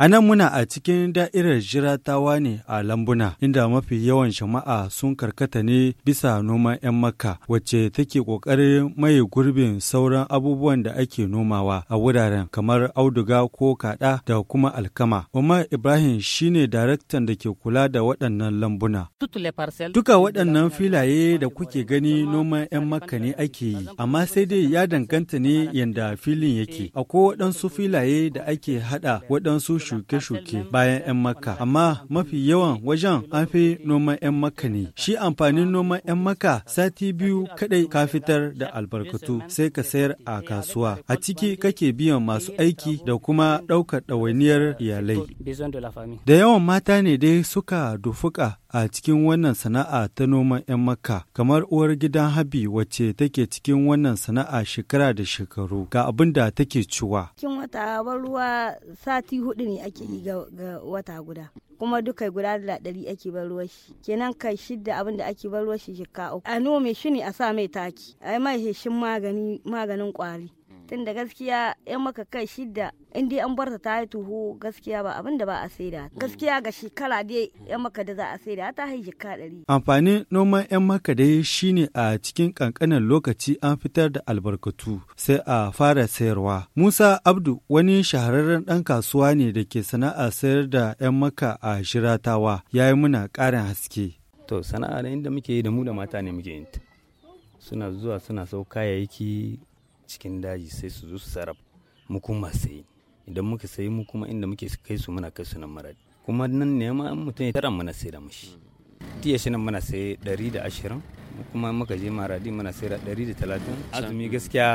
A nan muna a cikin da'irar jiratawa ne a lambuna, inda mafi yawan shama'a sun karkata ne bisa noman 'yan makka, wacce take ƙoƙarin mai gurbin sauran abubuwan da ake nomawa a wuraren kamar auduga ko kaɗa da kuma alkama. Umar Ibrahim shine daraktan da ke kula da waɗannan lambuna. Duka waɗannan filaye da kuke gani noman 'yan makka ne ake yi, amma sai dai ya danganta ne yadda filin yake. Akwai waɗansu filaye da ake haɗa waɗansu shuke-shuke bayan 'yan makka amma mafi yawan wajen an fi noman 'yan maka ne. Shi amfanin noman 'yan maka sati biyu kaɗai ka fitar da albarkatu sai ka sayar a kasuwa. A ciki kake biyan masu aiki da kuma ɗaukar ɗawainiyar iyalai. Da yawan mata ne dai suka dufuka a cikin wannan sana'a ta noman 'yan makka kamar uwar gidan habi wacce take cikin wannan sana'a shekara da shekaru ga abin da take ciwa. cikin wata abar ruwa sati hudu ne ake yi ga wata guda kuma duka guda da ɗari ake bar ruwa shi kenan kai shidda abin da ake bar ruwa shi a nome shi ne a sa mai taki a yi mai heshin maganin kwari da gaskiya yan maka kai shida in dai an barta ta yi tuho gaskiya ba abin da ba a saida gaskiya ga shekara dai yan maka da za a saida ta hai jika ɗari. amfanin noman yan maka dai shine a cikin kankanin lokaci an fitar da albarkatu sai a fara sayarwa musa abdu wani shahararren ɗan kasuwa ne da ke sana'a sayar da yan maka a shiratawa ya yi muna ƙarin haske. to sana'a da inda muke yi da mu da mata ne muke yin ta suna zuwa suna sau kayayyaki cikin daji sai su zo su sarrafa mu kuma sai idan muka sai mu kuma inda muke kai su muna kai su nan maradi kuma nan ne ma an mutane tara muna sai da mushi tiya shi nan muna sai 120 kuma muka je maradi muna sai da 130 azumi gaskiya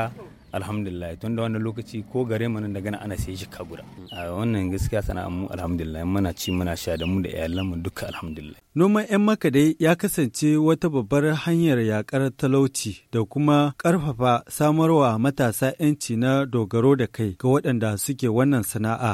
alhamdulillah tun da wani lokaci ko gare mu nan da gana ana sai shi guda a wannan gaskiya sana'a mu alhamdulillah muna ci muna sha da mu da iyalan mu duka alhamdulillah noman yan maka dai ya kasance wata babbar hanyar yakar talauci da kuma karfafa samarwa matasa yanci na dogaro da kai ga waɗanda suke wannan sana'a